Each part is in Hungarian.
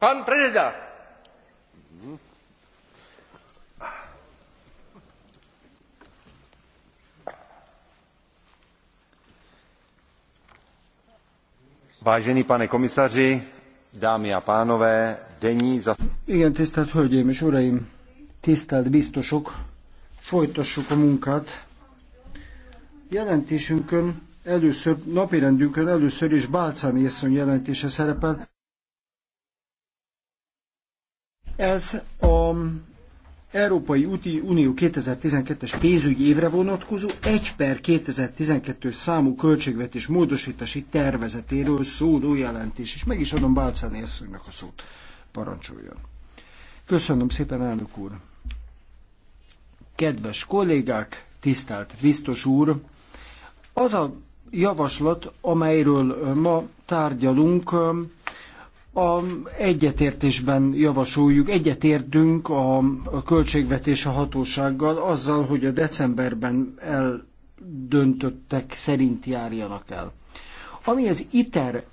Pan prezident. Vážený pane komisaři, dámy a pánové, denní za... Igen, tisztelt Hölgyeim és Uraim, tisztelt biztosok, folytassuk a munkát. Jelentésünkön először, napirendünkön először is Bálcán asszony jelentése szerepel. Ez a Európai Unió 2012-es pénzügyi évre vonatkozó 1 per 2012 számú költségvetés módosítási tervezetéről szóló jelentés, és meg is adom Bálcán észonynak a szót. Parancsoljon. Köszönöm szépen, elnök úr. Kedves kollégák, tisztelt biztos úr, az a javaslat, amelyről ma tárgyalunk, a egyetértésben javasoljuk, egyetértünk a, a költségvetési hatósággal azzal, hogy a decemberben eldöntöttek szerint járjanak el. Ami az ITER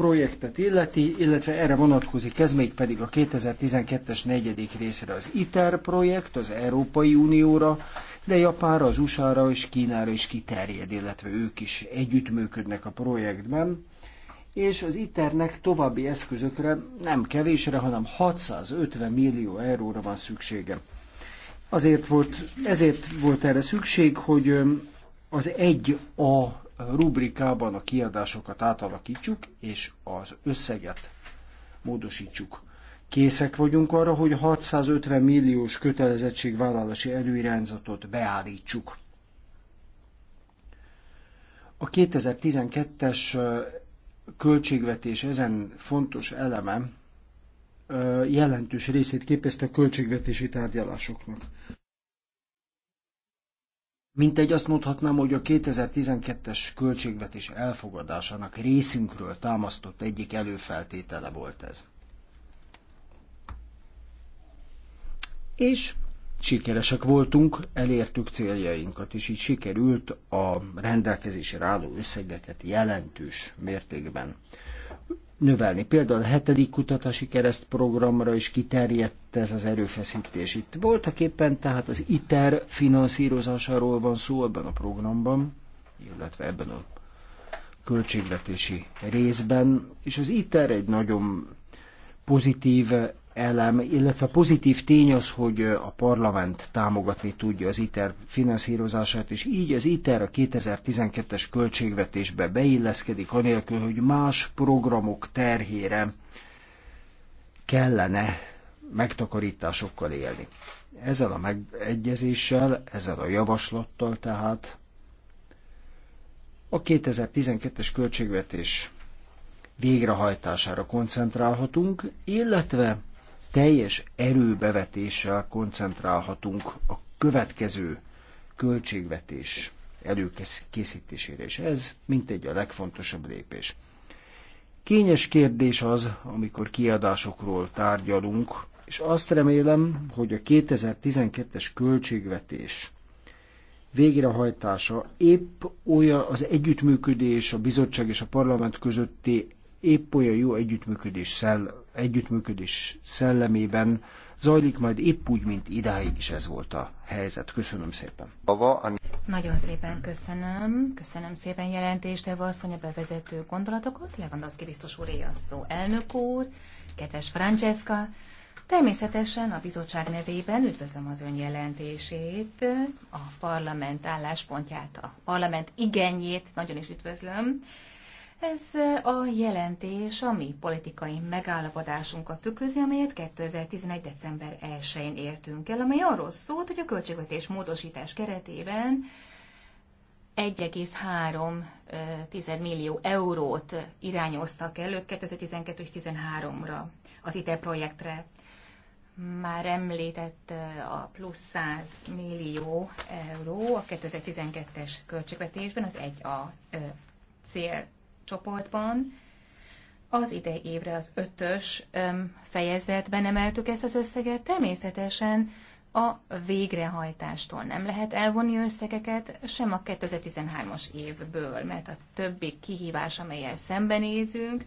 projektet illeti, illetve erre vonatkozik ez még pedig a 2012-es negyedik részre az ITER projekt az Európai Unióra, de Japánra, az USA-ra és Kínára is kiterjed, illetve ők is együttműködnek a projektben és az ITER-nek további eszközökre nem kevésre, hanem 650 millió euróra van szüksége. Azért volt, ezért volt erre szükség, hogy az 1A rubrikában a kiadásokat átalakítsuk, és az összeget módosítsuk. Készek vagyunk arra, hogy 650 milliós kötelezettségvállalási előirányzatot beállítsuk. A 2012-es költségvetés ezen fontos eleme jelentős részét képezte a költségvetési tárgyalásoknak. Mintegy azt mondhatnám, hogy a 2012-es költségvetés elfogadásának részünkről támasztott egyik előfeltétele volt ez. És sikeresek voltunk, elértük céljainkat, és így sikerült a rendelkezésre álló összegeket jelentős mértékben növelni. Például a hetedik kutatási keresztprogramra is kiterjedt ez az erőfeszítés. Itt voltak éppen tehát az ITER finanszírozásáról van szó ebben a programban, illetve ebben a költségvetési részben, és az ITER egy nagyon pozitív elem, illetve pozitív tény az, hogy a parlament támogatni tudja az ITER finanszírozását, és így az ITER a 2012-es költségvetésbe beilleszkedik, anélkül, hogy más programok terhére kellene megtakarításokkal élni. Ezzel a megegyezéssel, ezzel a javaslattal tehát a 2012-es költségvetés végrehajtására koncentrálhatunk, illetve teljes erőbevetéssel koncentrálhatunk a következő költségvetés előkészítésére, és ez mintegy a legfontosabb lépés. Kényes kérdés az, amikor kiadásokról tárgyalunk, és azt remélem, hogy a 2012-es költségvetés végrehajtása épp olyan az együttműködés a bizottság és a parlament közötti épp olyan jó együttműködés, szell- együttműködés szellemében zajlik majd épp úgy, mint idáig is ez volt a helyzet. Köszönöm szépen. Nagyon szépen köszönöm. Köszönöm szépen jelentést, Eva asszony, a bevezető gondolatokat. Lewandowski biztos úr a szó. Elnök úr, kedves Francesca, Természetesen a bizottság nevében üdvözlöm az ön jelentését, a parlament álláspontját, a parlament igenyét nagyon is üdvözlöm. Ez a jelentés a mi politikai megállapodásunkat tükrözi, amelyet 2011. december 1-én értünk el, amely arról szólt, hogy a költségvetés módosítás keretében 1,3 millió eurót irányoztak elő 2012 és 13 ra az ITE projektre. Már említett a plusz 100 millió euró a 2012-es költségvetésben, az 1A cél csoportban. Az idei évre az ötös fejezetben emeltük ezt az összeget. Természetesen a végrehajtástól nem lehet elvonni összegeket, sem a 2013-as évből, mert a többi kihívás, amelyel szembenézünk,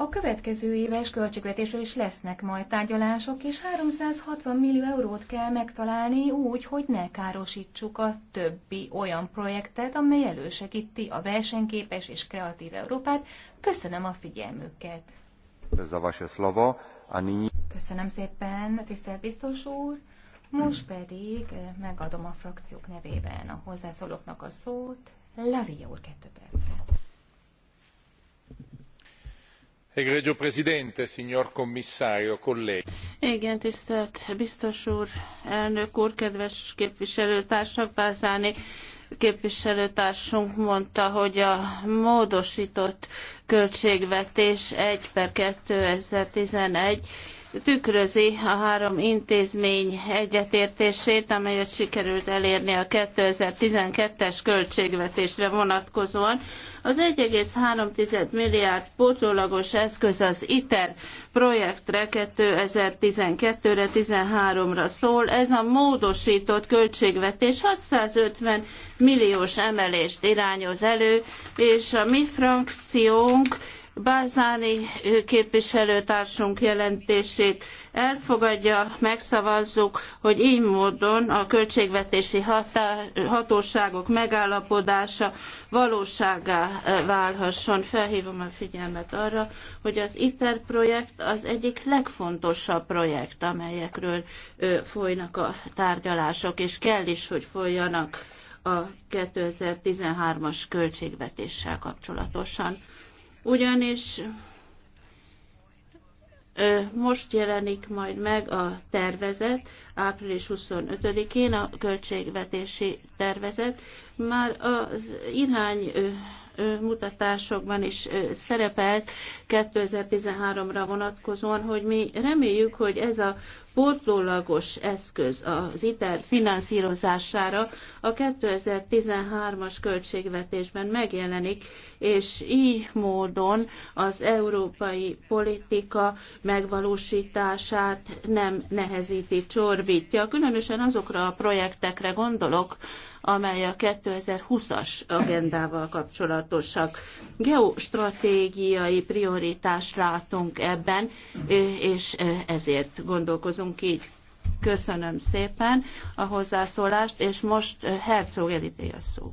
a következő éves költségvetésről is lesznek majd tárgyalások, és 360 millió eurót kell megtalálni úgy, hogy ne károsítsuk a többi olyan projektet, amely elősegíti a versenyképes és kreatív Európát. Köszönöm a figyelmüket! Köszönöm szépen, tisztelt biztos úr! Most pedig eh, megadom a frakciók nevében a hozzászólóknak a szót. Lavia úr, kettő percre egregio presidente signor commissario colleghi igen tisztelt biztos úr elnök úr kedves képviselőtársak balzani képviselőtársunk mondta hogy a módostott költségvetés egy per two thousand and eleven tükrözi a három intézmény egyetértését, amelyet sikerült elérni a twelve es költségvetésre vonatkozóan az 1,3 milliárd pótlólagos eszköz az ITER projektre 2012-re, 13-ra szól. Ez a módosított költségvetés 650 milliós emelést irányoz elő, és a mi frakciónk Bázáni képviselőtársunk jelentését elfogadja, megszavazzuk, hogy így módon a költségvetési hatóságok megállapodása valóságá válhasson. Felhívom a figyelmet arra, hogy az ITER projekt az egyik legfontosabb projekt, amelyekről folynak a tárgyalások, és kell is, hogy folyjanak a 2013-as költségvetéssel kapcsolatosan ugyanis most jelenik majd meg a tervezet, április 25-én a költségvetési tervezet. Már az irány mutatásokban is szerepelt 2013-ra vonatkozóan, hogy mi reméljük, hogy ez a pótlólagos eszköz az ITER finanszírozására a 2013-as költségvetésben megjelenik, és így módon az európai politika megvalósítását nem nehezíti, csorbítja. Különösen azokra a projektekre gondolok, amely a 2020-as agendával kapcsolatosak. Geostratégiai prioritást látunk ebben, és ezért gondolkozunk így. Köszönöm szépen a hozzászólást, és most Herzog Elidé a szó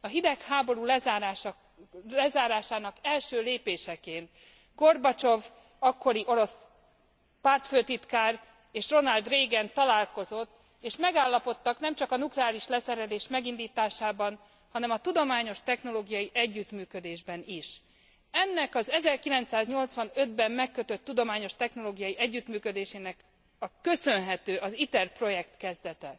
a hidegháború lezárásának első lépéseként gorbacsov akkori orosz pártfőtitkár és ronald reagan találkozott és megállapodtak nemcsak a nukleáris leszerelés megindtásában hanem a tudományos technológiai együttműködésben is. ennek az one thousand nine hundred and eighty five ben megkötött tudományos technológiai együttműködésnek köszönhető az iter projekt kezdete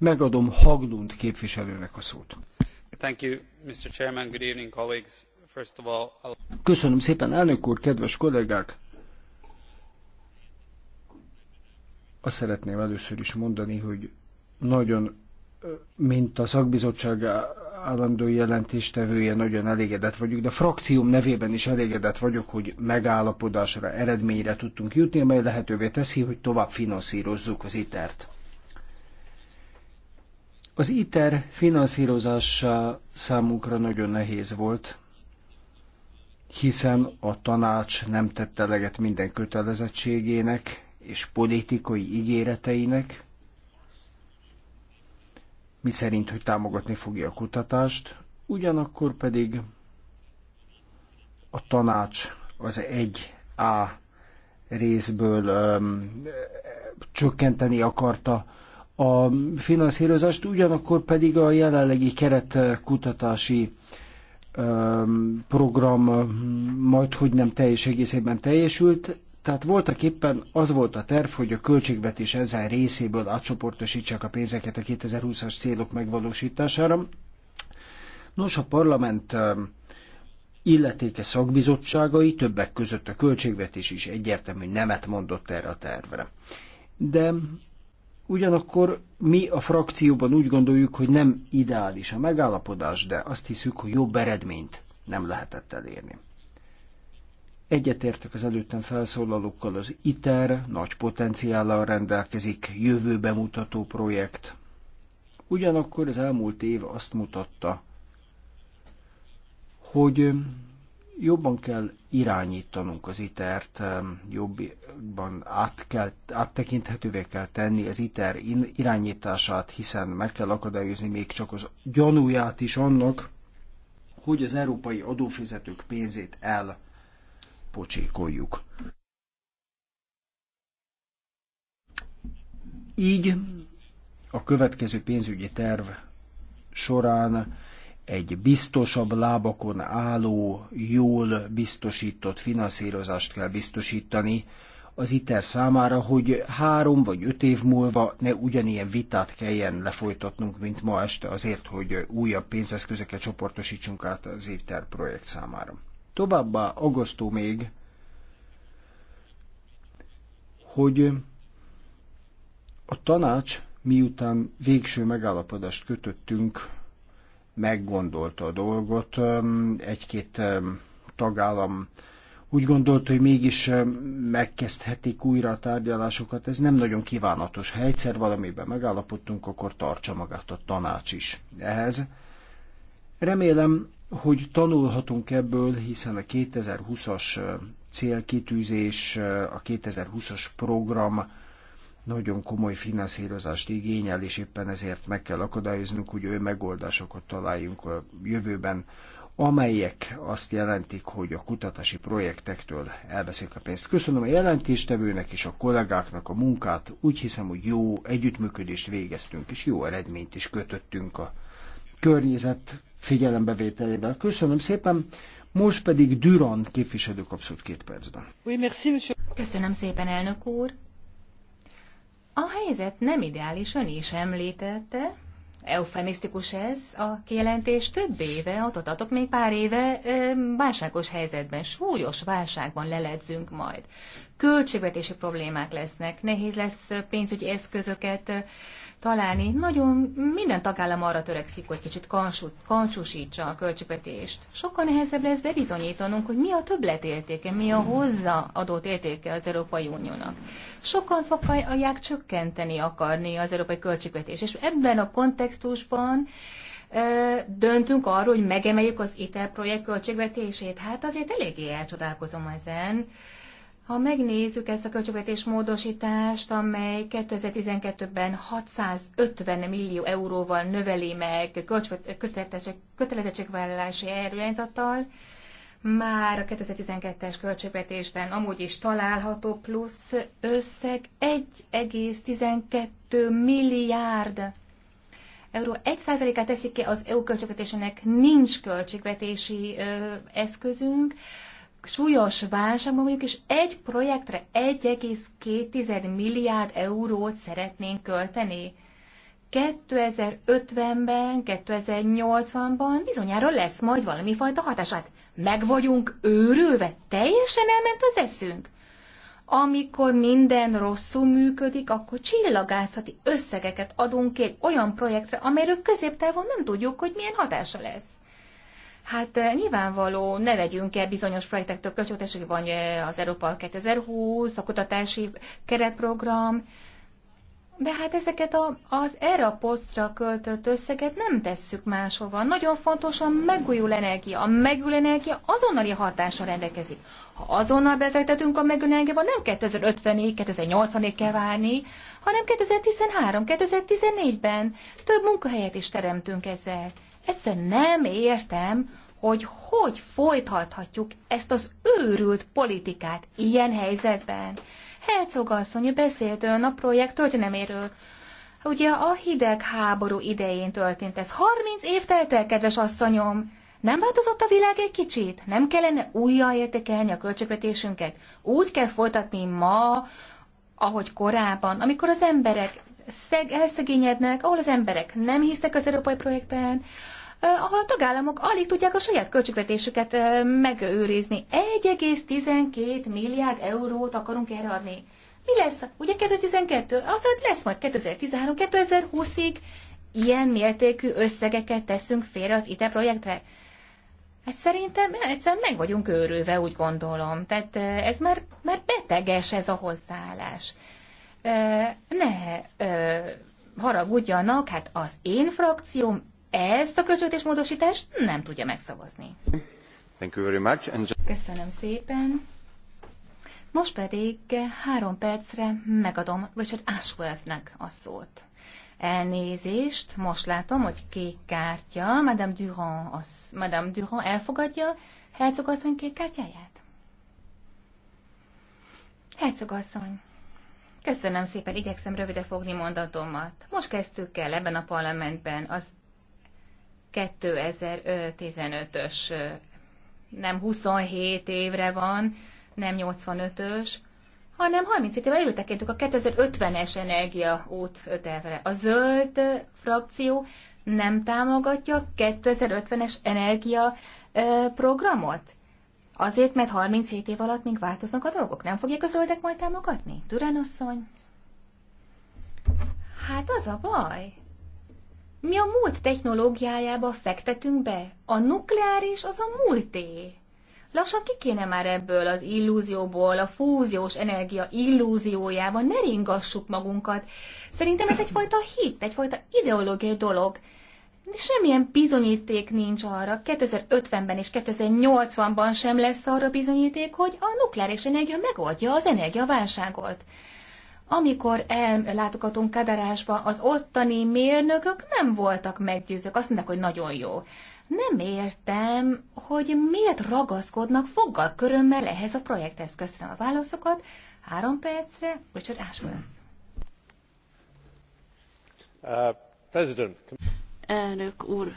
Megadom Haglund képviselőnek a szót. Thank you, Mr. Chairman. Good evening, colleagues. First of all, I'll... Köszönöm szépen, elnök úr, kedves kollégák! Azt szeretném először is mondani, hogy nagyon, mint a szakbizottság állandó jelentéstevője, nagyon elégedett vagyok, de a frakcióm nevében is elégedett vagyok, hogy megállapodásra, eredményre tudtunk jutni, amely lehetővé teszi, hogy tovább finanszírozzuk az ITER-t. Az ITER finanszírozása számunkra nagyon nehéz volt, hiszen a tanács nem tette leget minden kötelezettségének és politikai ígéreteinek, mi szerint, hogy támogatni fogja a kutatást, ugyanakkor pedig a tanács az 1A részből öm, csökkenteni akarta a finanszírozást, ugyanakkor pedig a jelenlegi keretkutatási program majd hogy nem teljes egészében teljesült, tehát voltak éppen az volt a terv, hogy a költségvetés ezen részéből átcsoportosítsák a pénzeket a 2020-as célok megvalósítására. Nos, a parlament illetéke szakbizottságai, többek között a költségvetés is egyértelmű nemet mondott erre a tervre. De Ugyanakkor mi a frakcióban úgy gondoljuk, hogy nem ideális a megállapodás, de azt hiszük, hogy jobb eredményt nem lehetett elérni. Egyetértek az előttem felszólalókkal, az ITER nagy potenciállal rendelkezik, jövőbe mutató projekt. Ugyanakkor az elmúlt év azt mutatta, hogy jobban kell irányítanunk az itert, e jobban át kell, áttekinthetővé kell tenni az ITER irányítását, hiszen meg kell akadályozni még csak az gyanúját is annak, hogy az európai adófizetők pénzét elpocsékoljuk. Így a következő pénzügyi terv során egy biztosabb lábakon álló, jól biztosított finanszírozást kell biztosítani az ITER számára, hogy három vagy öt év múlva ne ugyanilyen vitát kelljen lefolytatnunk, mint ma este, azért, hogy újabb pénzeszközeket csoportosítsunk át az ITER projekt számára. Továbbá aggasztó még, hogy a tanács, miután végső megállapodást kötöttünk meggondolta a dolgot. Egy-két tagállam úgy gondolta, hogy mégis megkezdhetik újra a tárgyalásokat. Ez nem nagyon kívánatos. Ha egyszer valamiben megállapodtunk, akkor tartsa magát a tanács is ehhez. Remélem, hogy tanulhatunk ebből, hiszen a 2020-as célkitűzés, a 2020-as program nagyon komoly finanszírozást igényel, és éppen ezért meg kell akadályoznunk, hogy ő megoldásokat találjunk a jövőben, amelyek azt jelentik, hogy a kutatási projektektől elveszik a pénzt. Köszönöm a jelentéstevőnek és a kollégáknak a munkát. Úgy hiszem, hogy jó együttműködést végeztünk, és jó eredményt is kötöttünk a környezet figyelembevételével. Köszönöm szépen, most pedig Durand képviselő kapszott két percben. Köszönöm szépen, elnök úr! A helyzet nem ideális, ön is említette, eufemisztikus ez a kijelentés, több éve, ott adatok még pár éve válságos helyzetben, súlyos válságban leledzünk majd. Költségvetési problémák lesznek, nehéz lesz pénzügyi eszközöket találni. Nagyon minden tagállam arra törekszik, hogy kicsit kancsúsítsa a költségvetést. Sokkal nehezebb lesz bebizonyítanunk, hogy mi a többletértéke, mi a hozzáadott értéke az Európai Uniónak. Sokan fogják csökkenteni akarni az európai költségvetést, és ebben a kontextusban döntünk arról, hogy megemeljük az ITER projekt költségvetését. Hát azért eléggé elcsodálkozom ezen. Ha megnézzük ezt a költségvetés módosítást, amely 2012-ben 650 millió euróval növeli meg kötelezettségvállalási erőányzattal, már a 2012-es költségvetésben amúgy is található plusz összeg 1,12 milliárd euró. 1%-át teszik ki az EU költségvetésének, nincs költségvetési ö, eszközünk súlyos válság, mondjuk, és egy projektre 1,2 milliárd eurót szeretnénk költeni. 2050-ben, 2080-ban bizonyára lesz majd valami fajta hatás. Hát meg vagyunk őrülve, teljesen elment az eszünk. Amikor minden rosszul működik, akkor csillagászati összegeket adunk ki egy olyan projektre, amelyről középtávon nem tudjuk, hogy milyen hatása lesz. Hát eh, nyilvánvaló, ne legyünk el bizonyos projektektől hogy van eh, az Európa 2020, a kutatási keretprogram, de hát ezeket a, az erre a posztra költött összeget nem tesszük máshova. Nagyon fontos a megújul energia. A megújul energia azonnali hatással rendelkezik. Ha azonnal befektetünk a megújul energiába, nem 2050-ig, 2080-ig kell várni, hanem 2013, 2014-ben több munkahelyet is teremtünk ezzel. Egyszer nem értem, hogy hogy folytathatjuk ezt az őrült politikát ilyen helyzetben. Herzog asszony beszélt ön a projekt történeméről. Ugye a hidegháború idején történt ez. 30 év telt el, kedves asszonyom! Nem változott a világ egy kicsit? Nem kellene újjáértékelni a költségvetésünket? Úgy kell folytatni ma, ahogy korábban, amikor az emberek szeg- elszegényednek, ahol az emberek nem hisznek az európai projektben, ahol a tagállamok alig tudják a saját költségvetésüket megőrizni. 1,12 milliárd eurót akarunk erre adni. Mi lesz? Ugye 2012? Azért lesz majd 2013-2020-ig ilyen mértékű összegeket teszünk félre az ITE projektre. Hát szerintem egyszerűen meg vagyunk őrülve, úgy gondolom. Tehát ez már, már beteges ez a hozzáállás. Ne haragudjanak, hát az én frakcióm ezt a költségvetésmódosítást nem tudja megszavazni. Thank you very much. And... Köszönöm szépen. Most pedig három percre megadom Richard Ashworthnek a szót. Elnézést, most látom, hogy kék kártya, Madame Durand, az, Madame Durand elfogadja Herzog kék kártyáját? Herzog köszönöm szépen, igyekszem rövide fogni mondatomat. Most kezdtük el ebben a parlamentben az 2015-ös, nem 27 évre van, nem 85-ös, hanem 37 évvel előtekintünk a 2050-es energia út ötelvele. A zöld frakció nem támogatja 2050-es energia programot? Azért, mert 37 év alatt még változnak a dolgok. Nem fogják a zöldek majd támogatni? Durán asszony? Hát az a baj. Mi a múlt technológiájába fektetünk be? A nukleáris az a múlté. Lassan ki kéne már ebből az illúzióból, a fúziós energia illúziójába, ne ringassuk magunkat. Szerintem ez egyfajta hit, egyfajta ideológiai dolog. De semmilyen bizonyíték nincs arra, 2050-ben és 2080-ban sem lesz arra bizonyíték, hogy a nukleáris energia megoldja az energiaválságot. Amikor ellátogatunk Kadarásba, az ottani mérnökök nem voltak meggyőzők, azt mondták, hogy nagyon jó. Nem értem, hogy miért ragaszkodnak foggal körömmel ehhez a projekthez. Köszönöm a válaszokat. Három percre, Richard Ashworth. Uh, President. Elnök úr,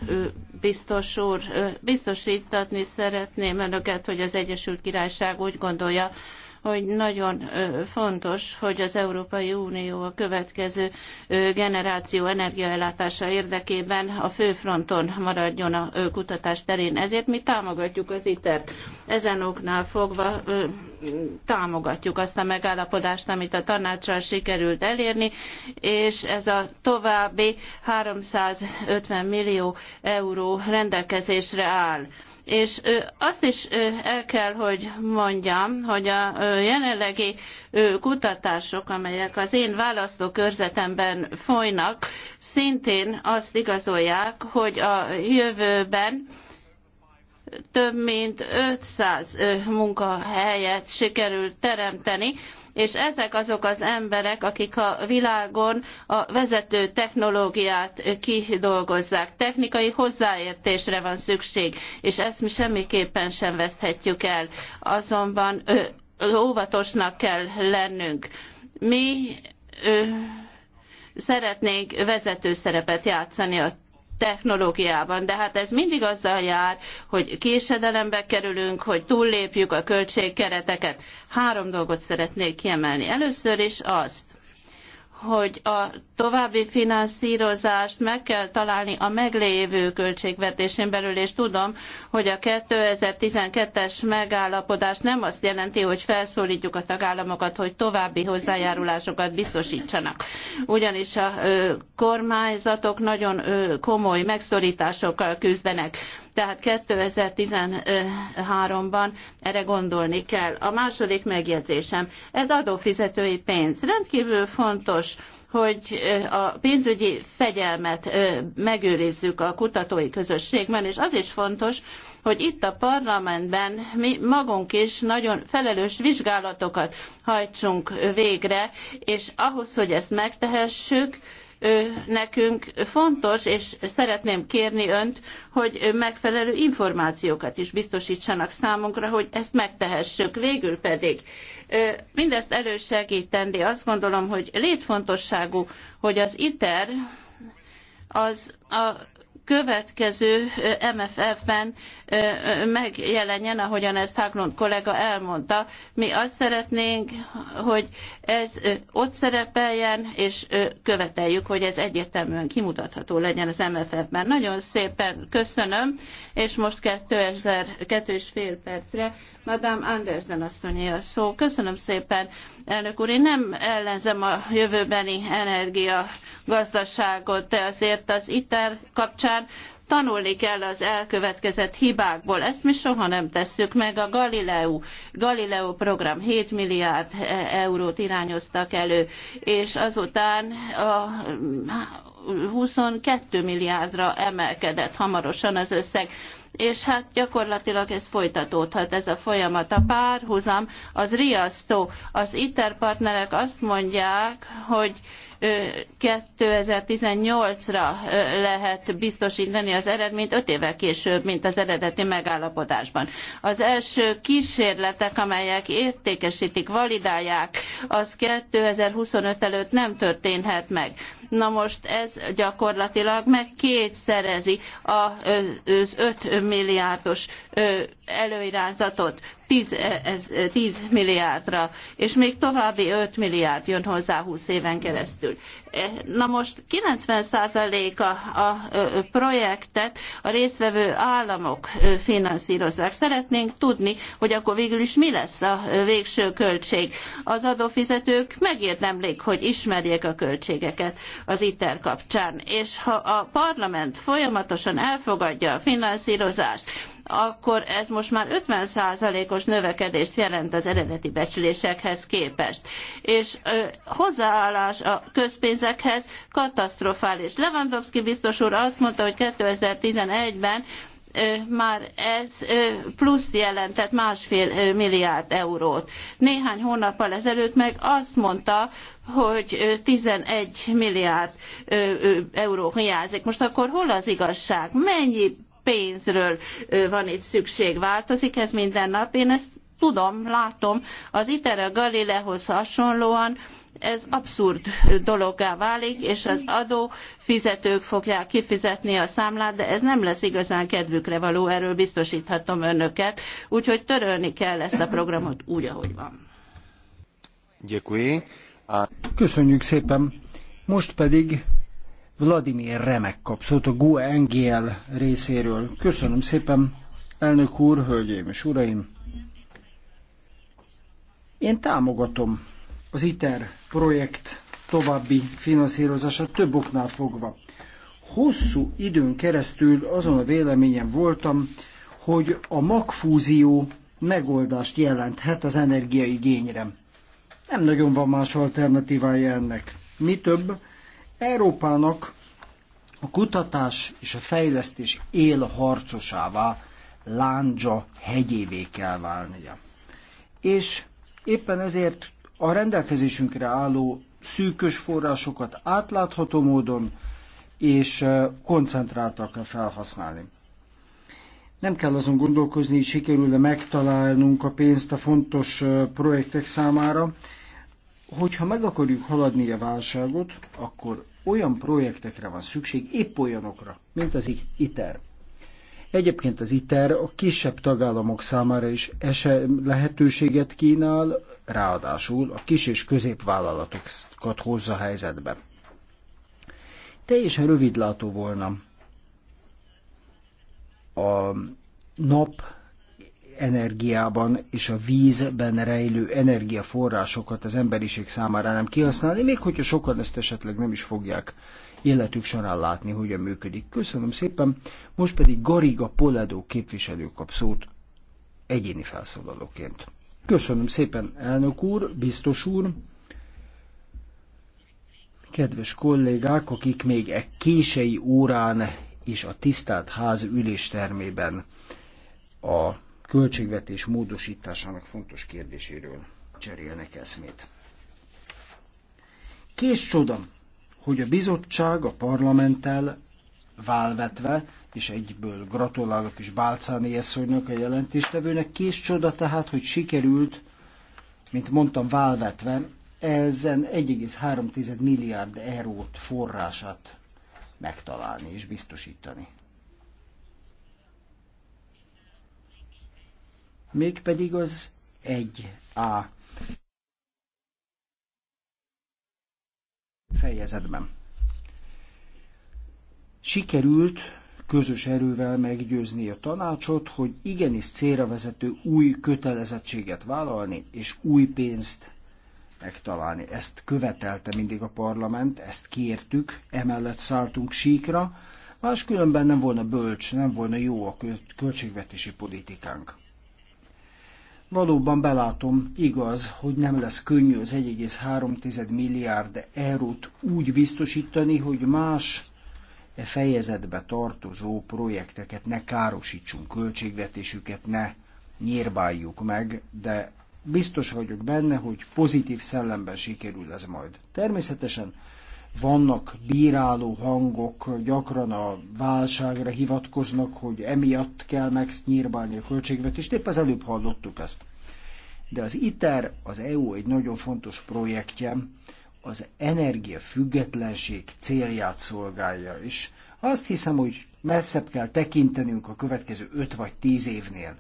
biztos úr, biztosítatni szeretném önöket, hogy az Egyesült Királyság úgy gondolja, hogy nagyon fontos, hogy az Európai Unió a következő generáció energiaellátása érdekében a főfronton maradjon a kutatás terén. Ezért mi támogatjuk az ITER-t. E Ezen oknál fogva támogatjuk azt a megállapodást, amit a tanácssal sikerült elérni, és ez a további 350 millió euró rendelkezésre áll. És azt is el kell, hogy mondjam, hogy a jelenlegi kutatások, amelyek az én választókörzetemben folynak, szintén azt igazolják, hogy a jövőben több mint 500 munkahelyet sikerült teremteni, és ezek azok az emberek, akik a világon a vezető technológiát kidolgozzák. Technikai hozzáértésre van szükség, és ezt mi semmiképpen sem veszthetjük el. Azonban ö, óvatosnak kell lennünk. Mi ö, szeretnénk vezető szerepet játszani a technológiában. De hát ez mindig azzal jár, hogy késedelembe kerülünk, hogy túllépjük a költségkereteket. Három dolgot szeretnék kiemelni. Először is azt, hogy a további finanszírozást meg kell találni a meglévő költségvetésén belül, és tudom, hogy a 2012-es megállapodás nem azt jelenti, hogy felszólítjuk a tagállamokat, hogy további hozzájárulásokat biztosítsanak. Ugyanis a kormányzatok nagyon komoly megszorításokkal küzdenek tehát 2013-ban erre gondolni kell. A második megjegyzésem, ez adófizetői pénz. Rendkívül fontos hogy a pénzügyi fegyelmet megőrizzük a kutatói közösségben, és az is fontos, hogy itt a parlamentben mi magunk is nagyon felelős vizsgálatokat hajtsunk végre, és ahhoz, hogy ezt megtehessük, nekünk fontos, és szeretném kérni önt, hogy megfelelő információkat is biztosítsanak számunkra, hogy ezt megtehessük. Végül pedig mindezt elősegítendi, azt gondolom, hogy létfontosságú, hogy az ITER az a következő MFF-ben megjelenjen, ahogyan ezt Haglund kollega elmondta. Mi azt szeretnénk, hogy ez ott szerepeljen, és követeljük, hogy ez egyértelműen kimutatható legyen az MFF-ben. Nagyon szépen köszönöm, és most kettő, és fél percre Madame Andersen asszonyé a szó. Köszönöm szépen, elnök úr. Én nem ellenzem a jövőbeni energia gazdaságot, de azért az ITER kapcsán tanulni kell az elkövetkezett hibákból. Ezt mi soha nem tesszük meg. A Galileo, Galileo program 7 milliárd e, eurót irányoztak elő, és azután a 22 hm, milliárdra emelkedett hamarosan az összeg és hát gyakorlatilag ez folytatódhat, ez a folyamat. A párhuzam az riasztó. Az ITER partnerek azt mondják, hogy 2018-ra lehet biztosítani az eredményt, öt évvel később, mint az eredeti megállapodásban. Az első kísérletek, amelyek értékesítik, validálják, az 2025 előtt nem történhet meg. Na most ez gyakorlatilag meg kétszerezi az 5 milliárdos előirányzatot. 10, eh, ez, 10 eh, milliárdra, és még további 5 milliárd jön hozzá 20 éven keresztül. Eh, na most 90%-a a projektet a résztvevő államok finanszírozzák. Szeretnénk tudni, hogy akkor végül is mi lesz a végső költség. Az adófizetők megérdemlik, hogy ismerjék a költségeket az ITER kapcsán. És ha a parlament folyamatosan elfogadja a finanszírozást, akkor ez most már 50%-os növekedést jelent az eredeti becslésekhez képest. És ö, hozzáállás a közpénzekhez katasztrofális. Lewandowski biztos úr azt mondta, hogy 2011-ben már ez pluszt jelentett másfél milliárd eurót. Néhány hónappal ezelőtt meg azt mondta, hogy 11 milliárd euró hiányzik. Most akkor hol az igazság? Mennyi pénzről van itt szükség. Változik ez minden nap, én ezt tudom, látom. Az ITER a Galilehoz hasonlóan ez abszurd dologgá válik, és az adófizetők fogják kifizetni a számlát, de ez nem lesz igazán kedvükre való, erről biztosíthatom önöket, úgyhogy törölni kell ezt a programot úgy, ahogy van. Köszönjük szépen. Most pedig Vladimir Remek kapszott a GUE NGL részéről. Köszönöm szépen, elnök úr, hölgyeim és uraim! Én támogatom az ITER projekt további finanszírozását több oknál fogva. Hosszú időn keresztül azon a véleményen voltam, hogy a magfúzió megoldást jelenthet az energiaigényre. Nem nagyon van más alternatívája ennek. Mi több, Európának a kutatás és a fejlesztés él harcosává, lándzsa hegyévé kell válnia. És éppen ezért a rendelkezésünkre álló szűkös forrásokat átlátható módon és koncentráltan kell felhasználni. Nem kell azon gondolkozni, hogy sikerül-e megtalálnunk a pénzt a fontos projektek számára, hogyha meg akarjuk haladni a válságot, akkor olyan projektekre van szükség, épp olyanokra, mint az ITER. Egyébként az ITER a kisebb tagállamok számára is ese lehetőséget kínál, ráadásul a kis és középvállalatokat hozza helyzetbe. Teljesen rövidlátó volna a nap energiában és a vízben rejlő energiaforrásokat az emberiség számára nem kihasználni, még hogyha sokan ezt esetleg nem is fogják életük során látni, hogyan működik. Köszönöm szépen, most pedig Gariga Poledó képviselő kap szót egyéni felszólalóként. Köszönöm szépen, elnök úr, biztos úr, kedves kollégák, akik még e kései órán és a tisztelt ház üléstermében a költségvetés módosításának fontos kérdéséről cserélnek eszmét. Kés csoda, hogy a bizottság a parlamenttel válvetve, és egyből gratulálok is Bálcáni Eszonynak a jelentéstevőnek, kés csoda tehát, hogy sikerült, mint mondtam, válvetve, ezen 1,3 milliárd eurót forrását megtalálni és biztosítani. mégpedig az 1A fejezetben. Sikerült közös erővel meggyőzni a tanácsot, hogy igenis célra vezető új kötelezettséget vállalni és új pénzt megtalálni. Ezt követelte mindig a parlament, ezt kértük, emellett szálltunk síkra, máskülönben nem volna bölcs, nem volna jó a költségvetési politikánk. Valóban belátom, igaz, hogy nem lesz könnyű az 1,3 milliárd eurót úgy biztosítani, hogy más e fejezetbe tartozó projekteket ne károsítsunk, költségvetésüket ne nyírbáljuk meg, de biztos vagyok benne, hogy pozitív szellemben sikerül ez majd. Természetesen vannak bíráló hangok, gyakran a válságra hivatkoznak, hogy emiatt kell megnyírbálni a költségvetést, épp az előbb hallottuk ezt. De az ITER az EU egy nagyon fontos projektje, az energiafüggetlenség célját szolgálja is. Azt hiszem, hogy messzebb kell tekintenünk a következő 5 vagy 10 évnél.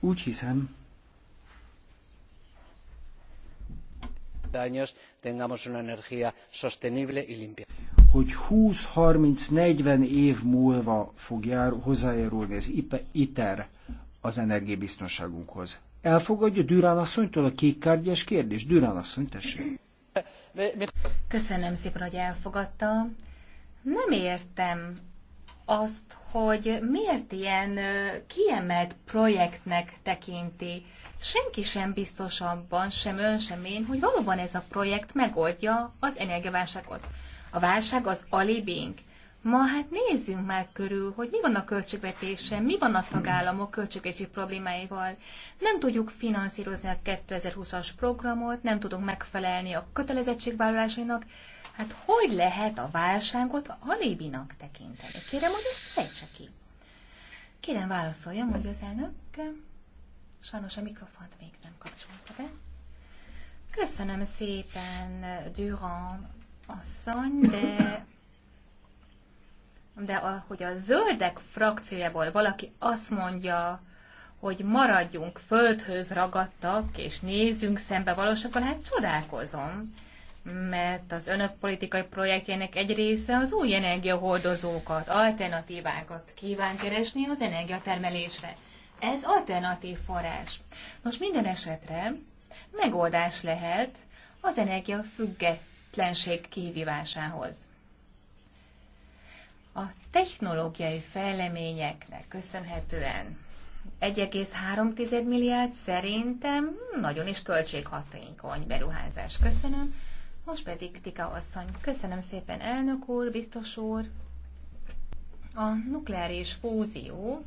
Úgy hiszem, cincuenta años tengamos una energía sostenible y limpia. Hogy 20-30-40 év múlva fog jár, hozzájárulni az ITER e, az energiabiztonságunkhoz. Elfogadja Dürán asszonytól a kékkárgyás kérdés? Dürán asszony, tessék. Köszönöm szépen, hogy elfogadta. Nem értem azt, hogy miért ilyen kiemelt projektnek tekinti. Senki sem biztos abban, sem ön, sem én, hogy valóban ez a projekt megoldja az energiaválságot. A válság az alibink. Ma hát nézzünk már körül, hogy mi van a költségvetése, mi van a tagállamok költségvetési problémáival. Nem tudjuk finanszírozni a 2020-as programot, nem tudunk megfelelni a kötelezettségvállalásainak, Hát hogy lehet a válságot a tekinteni? Kérem, hogy ezt fejtse ki. Kérem, válaszoljam, hogy az elnök. Sajnos a mikrofont még nem kapcsolta be. Köszönöm szépen, Durand asszony, de de a, hogy a zöldek frakciójából valaki azt mondja, hogy maradjunk földhöz ragadtak, és nézzünk szembe valósokkal, hát csodálkozom mert az önök politikai projektjének egy része az új energiahordozókat, alternatívákat kíván keresni az energiatermelésre. Ez alternatív forrás. Most minden esetre megoldás lehet az energia függetlenség kihívásához. A technológiai fejleményeknek köszönhetően 1,3 milliárd szerintem nagyon is költséghatékony beruházás. Köszönöm. Most pedig Tika asszony. Köszönöm szépen, elnök úr, biztos úr. A nukleáris fúzió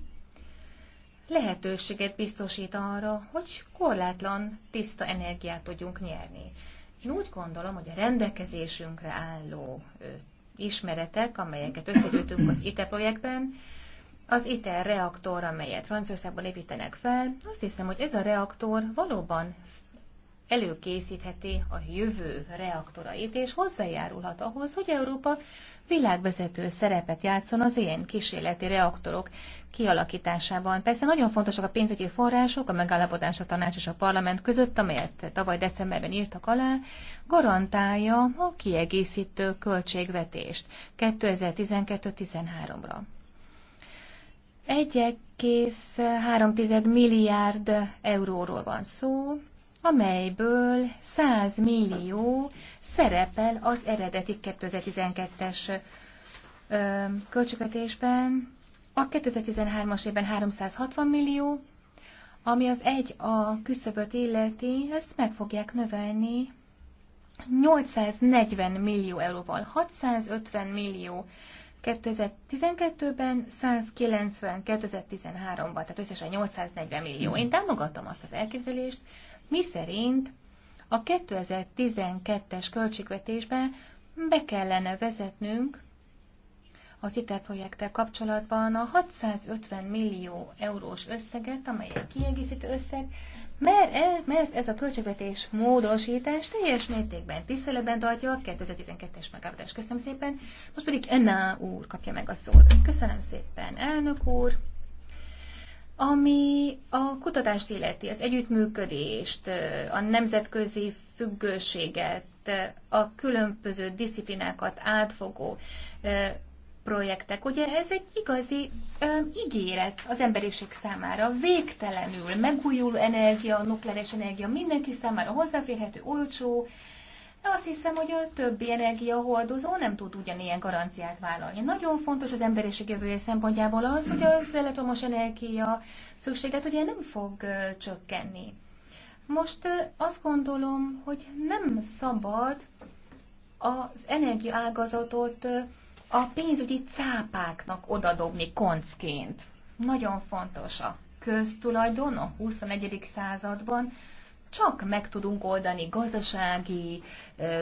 lehetőséget biztosít arra, hogy korlátlan, tiszta energiát tudjunk nyerni. Én úgy gondolom, hogy a rendelkezésünkre álló ismeretek, amelyeket összegyűjtünk az ITE projektben, az ITER reaktor, amelyet Franciaországban építenek fel, azt hiszem, hogy ez a reaktor valóban előkészítheti a jövő reaktorait, és hozzájárulhat ahhoz, hogy Európa világvezető szerepet játszon az ilyen kísérleti reaktorok kialakításában. Persze nagyon fontosak a pénzügyi források, a megállapodás a tanács és a parlament között, amelyet tavaly decemberben írtak alá, garantálja a kiegészítő költségvetést 2012-13-ra. 1,3 milliárd euróról van szó, amelyből 100 millió szerepel az eredeti 2012-es költségvetésben, a 2013-as évben 360 millió, ami az egy a küszöböt illeti, ezt meg fogják növelni 840 millió euróval, 650 millió 2012-ben, 190 2013-ban, tehát összesen 840 millió. Én támogatom azt az elképzelést, mi szerint a 2012-es költségvetésbe be kellene vezetnünk az ITER projekttel kapcsolatban a 650 millió eurós összeget, amely egy kiegészítő összeg, mert ez, mert ez a költségvetés módosítás teljes mértékben tiszteletben tartja a 2012-es megállapodást. Köszönöm szépen. Most pedig Enna úr kapja meg a szót. Köszönöm szépen, elnök úr. Ami a kutatást illeti, az együttműködést, a nemzetközi függőséget, a különböző disziplinákat átfogó projektek, ugye ez egy igazi ö, ígéret az emberiség számára, végtelenül megújuló energia, nukleáris energia mindenki számára hozzáférhető, olcsó, de azt hiszem, hogy a többi energiahordozó nem tud ugyanilyen garanciát vállalni. Nagyon fontos az emberiség jövője szempontjából az, hogy az elektromos energia szükséglet ugye nem fog csökkenni. Most azt gondolom, hogy nem szabad az energiaágazatot a pénzügyi cápáknak odadobni koncként. Nagyon fontos a köztulajdon a 21. században, csak meg tudunk oldani gazdasági,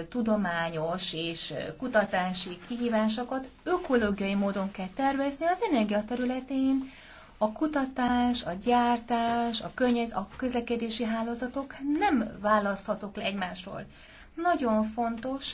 tudományos és kutatási kihívásokat, ökológiai módon kell tervezni az energia területén, a kutatás, a gyártás, a könnyez, a közlekedési hálózatok nem választhatók le egymásról. Nagyon fontos,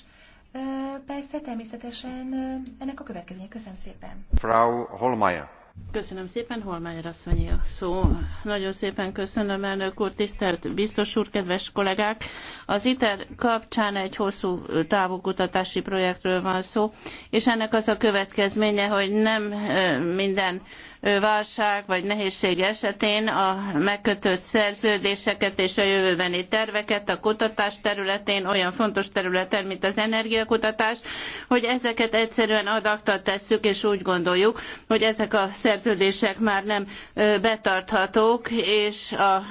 persze természetesen ennek a következménye. Köszönöm szépen. Frau Holmeier. Köszönöm szépen, Holmányra asszonyi a szó. Nagyon szépen köszönöm, elnök úr, tisztelt biztos úr, kedves kollégák. Az ITER kapcsán egy hosszú távú kutatási projektről van szó, és ennek az a következménye, hogy nem eh, minden válság vagy nehézség esetén a megkötött szerződéseket és a jövőbeni terveket a kutatás területén, olyan fontos területen, mint az energiakutatás, hogy ezeket egyszerűen adakta tesszük, és úgy gondoljuk, hogy ezek a szerződések már nem betarthatók, és a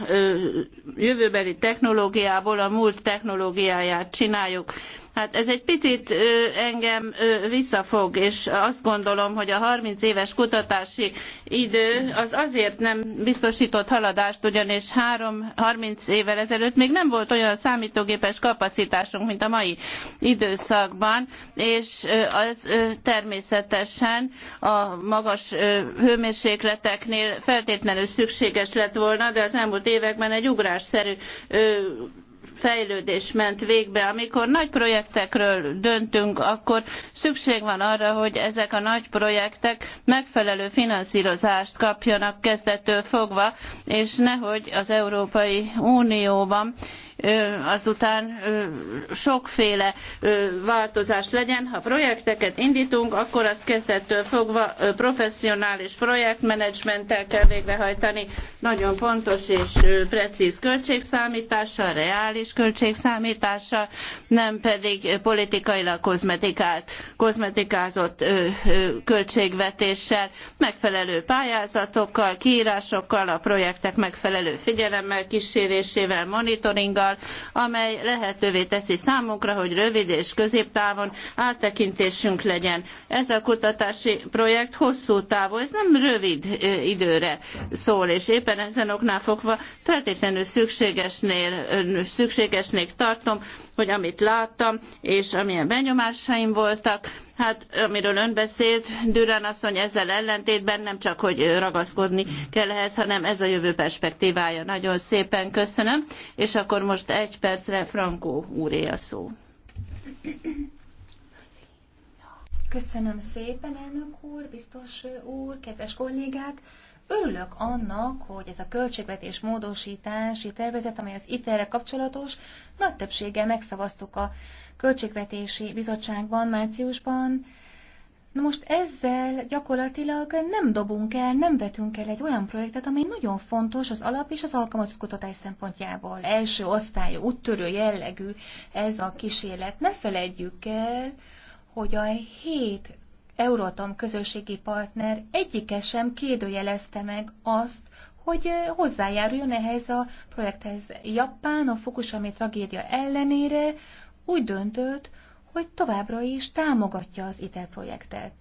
jövőbeli technológiából a múlt technológiáját csináljuk. Hát ez egy picit engem visszafog, és azt gondolom, hogy a 30 éves kutatási idő az azért nem biztosított haladást, ugyanis 3, 30 évvel ezelőtt még nem volt olyan számítógépes kapacitásunk, mint a mai időszakban, és az természetesen a magas hőmérsékleteknél feltétlenül szükséges lett volna, de az elmúlt években egy ugrásszerű fejlődés ment végbe. Amikor nagy projektekről döntünk, akkor szükség van arra, hogy ezek a nagy projektek megfelelő finanszírozást kapjanak kezdettől fogva, és nehogy az Európai Unióban azután sokféle változás legyen. Ha projekteket indítunk, akkor azt kezdettől fogva professzionális projektmenedzsmenttel kell végrehajtani, nagyon pontos és precíz költségszámítással, reális költségszámítással, nem pedig politikailag kozmetikált, kozmetikázott költségvetéssel, megfelelő pályázatokkal, kiírásokkal, a projektek megfelelő figyelemmel, kísérésével, monitoringgal, eszköztárral, amely lehetővé teszi számunkra, hogy rövid és középtávon áttekintésünk legyen. Ez a kutatási projekt hosszú távú, ez nem rövid időre szól, és éppen ezen oknál fogva feltétlenül szükségesnél, szükségesnek tartom, hogy amit láttam, és amilyen benyomásaim voltak, Hát, amiről ön beszélt, Dürán asszony ezzel ellentétben nem csak, hogy ragaszkodni kell ehhez, hanem ez a jövő perspektívája. Nagyon szépen köszönöm, és akkor most egy percre Frankó úré a szó. Köszönöm szépen, elnök úr, biztos úr, kedves kollégák! Örülök annak, hogy ez a költségvetés módosítási tervezet, amely az ITER-re kapcsolatos, nagy többséggel megszavaztuk a Költségvetési Bizottságban márciusban. Na most ezzel gyakorlatilag nem dobunk el, nem vetünk el egy olyan projektet, amely nagyon fontos az alap és az alkalmazott kutatás szempontjából. Első osztályú, úttörő jellegű ez a kísérlet. Ne felejtjük el, hogy a hét Euratom közösségi partner egyike sem kérdőjelezte meg azt, hogy hozzájáruljon ehhez a projekthez. Japán a Fukushima tragédia ellenére úgy döntött, hogy továbbra is támogatja az ITER projektet.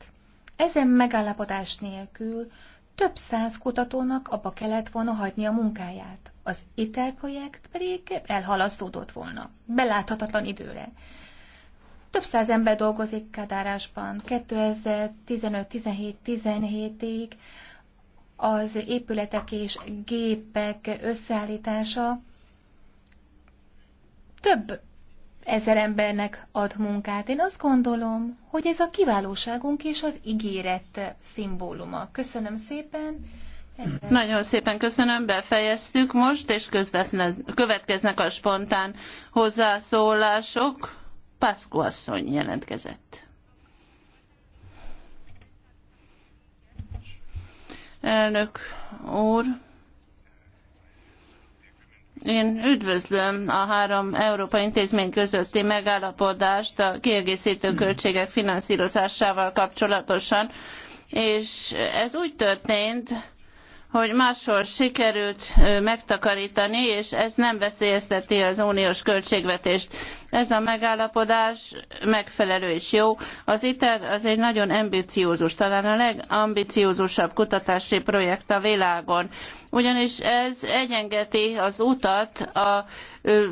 Ezen megállapodás nélkül több száz kutatónak abba kellett volna hagyni a munkáját, az ITER projekt pedig elhalasztódott volna, beláthatatlan időre. Több száz ember dolgozik Kádárásban 2015-17-17-ig, az épületek és gépek összeállítása több ezer embernek ad munkát. Én azt gondolom, hogy ez a kiválóságunk és az ígéret szimbóluma. Köszönöm szépen. Ezzel... Nagyon szépen köszönöm, befejeztük most, és következnek a spontán hozzászólások. Pászkó asszony jelentkezett. Elnök úr, én üdvözlöm a három európai intézmény közötti megállapodást a kiegészítő hmm. költségek finanszírozásával kapcsolatosan, és ez úgy történt, hogy máshol sikerült megtakarítani, és ez nem veszélyezteti az uniós költségvetést. Ez a megállapodás megfelelő és jó. Az ITER az egy nagyon ambiciózus, talán a legambiciózusabb kutatási projekt a világon ugyanis ez egyengeti az utat a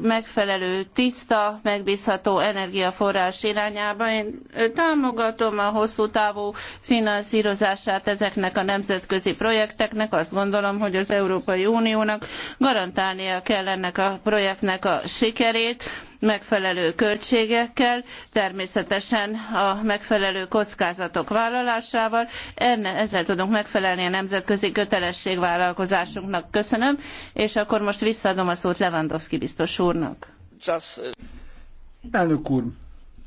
megfelelő, tiszta, megbízható energiaforrás irányába. Én támogatom a hosszú távú finanszírozását ezeknek a nemzetközi projekteknek. Azt gondolom, hogy az Európai Uniónak garantálnia kell ennek a projektnek a sikerét megfelelő költségekkel, természetesen a megfelelő kockázatok vállalásával. Enne, ezzel tudunk megfelelni a nemzetközi kötelességvállalkozásunknak. Köszönöm, és akkor most visszaadom a szót Lewandowski biztos úrnak. Uh, Elnök úr,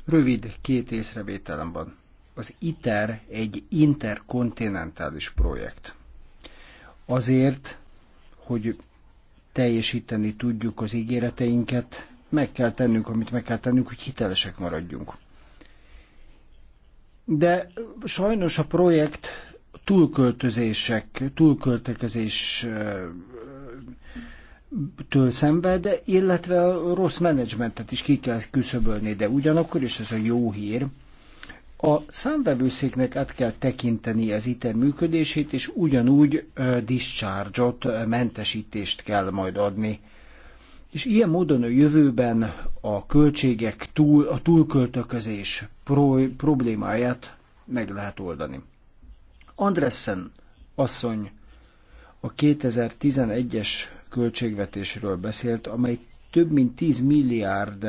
rövid két észrevételem van. Az ITER egy interkontinentális projekt. Azért, hogy teljesíteni tudjuk az ígéreteinket, meg kell tennünk, amit meg kell tennünk, hogy hitelesek maradjunk. De sajnos a projekt túlköltözések, túlköltekezés től szenved, illetve a rossz menedzsmentet is ki kell küszöbölni, de ugyanakkor is ez a jó hír. A számvevőszéknek át kell tekinteni az item működését, és ugyanúgy uh, discharge-ot, mentesítést kell majd adni és ilyen módon a jövőben a költségek túl, a túlköltökezés pro- problémáját meg lehet oldani. Andressen asszony a 2011-es költségvetésről beszélt, amely több mint 10 milliárd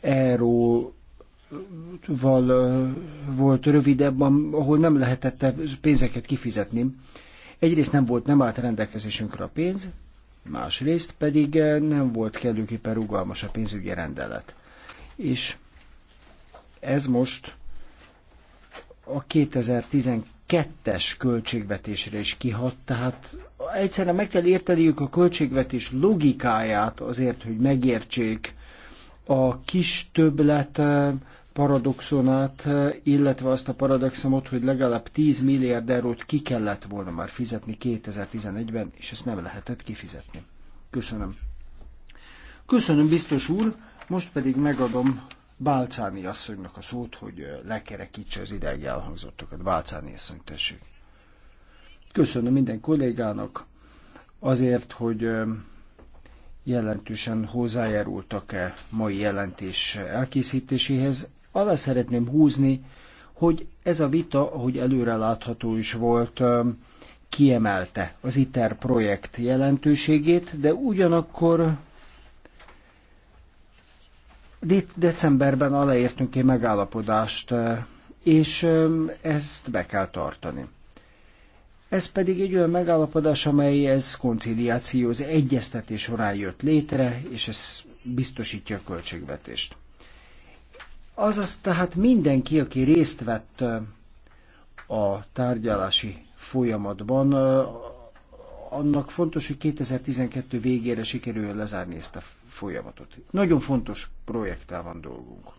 euró volt rövidebb, ahol nem lehetett pénzeket kifizetni. Egyrészt nem volt, nem állt rendelkezésünkre a pénz, másrészt pedig eh, nem volt kellőképpen rugalmas a pénzügyi rendelet. És ez most a 2012-es költségvetésre is kihat, tehát egyszerűen meg kell érteniük a költségvetés logikáját azért, hogy megértsék a kis többlet eh, paradoxonát, illetve azt a paradoxomot, hogy legalább 10 milliárd eurót ki kellett volna már fizetni 2011-ben, és ezt nem lehetett kifizetni. Köszönöm. Köszönöm, biztos úr, most pedig megadom Bálcáni asszonynak a szót, hogy eh, lekerekítse az ideig elhangzottakat. Bálcáni asszony, tessék. Köszönöm minden kollégának azért, hogy eh, jelentősen hozzájárultak-e mai jelentés eh, elkészítéséhez arra szeretném húzni, hogy ez a vita, ahogy előrelátható is volt, kiemelte az ITER projekt jelentőségét, de ugyanakkor decemberben aláértünk egy megállapodást, és ezt be kell tartani. Ez pedig egy olyan megállapodás, amely ez konciliáció, az egyeztetés során jött létre, és ez biztosítja a költségvetést. Azaz tehát mindenki, aki részt vett a tárgyalási folyamatban, annak fontos, hogy 2012 végére sikerüljön lezárni ezt a folyamatot. Nagyon fontos projekttel van dolgunk.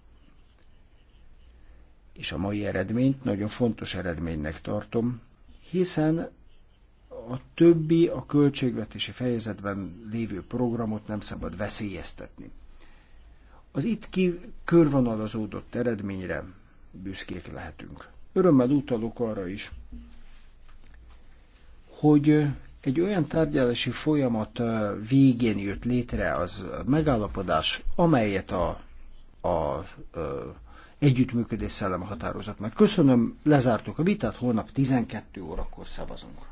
És a mai eredményt nagyon fontos eredménynek tartom, hiszen a többi a költségvetési fejezetben lévő programot nem szabad veszélyeztetni. Az itt ki körvonalazódott eredményre büszkék lehetünk. Örömmel utalok arra is, hogy egy olyan tárgyalási folyamat végén jött létre az megállapodás, amelyet a, a, a együttműködés szellem határozott meg. Köszönöm, lezártuk a vitát, holnap 12 órakor szavazunk.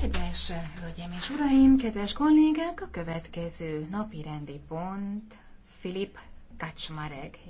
Kedves hölgyeim és uraim, kedves kollégák, a következő napi rendi pont Filip Kacsmareg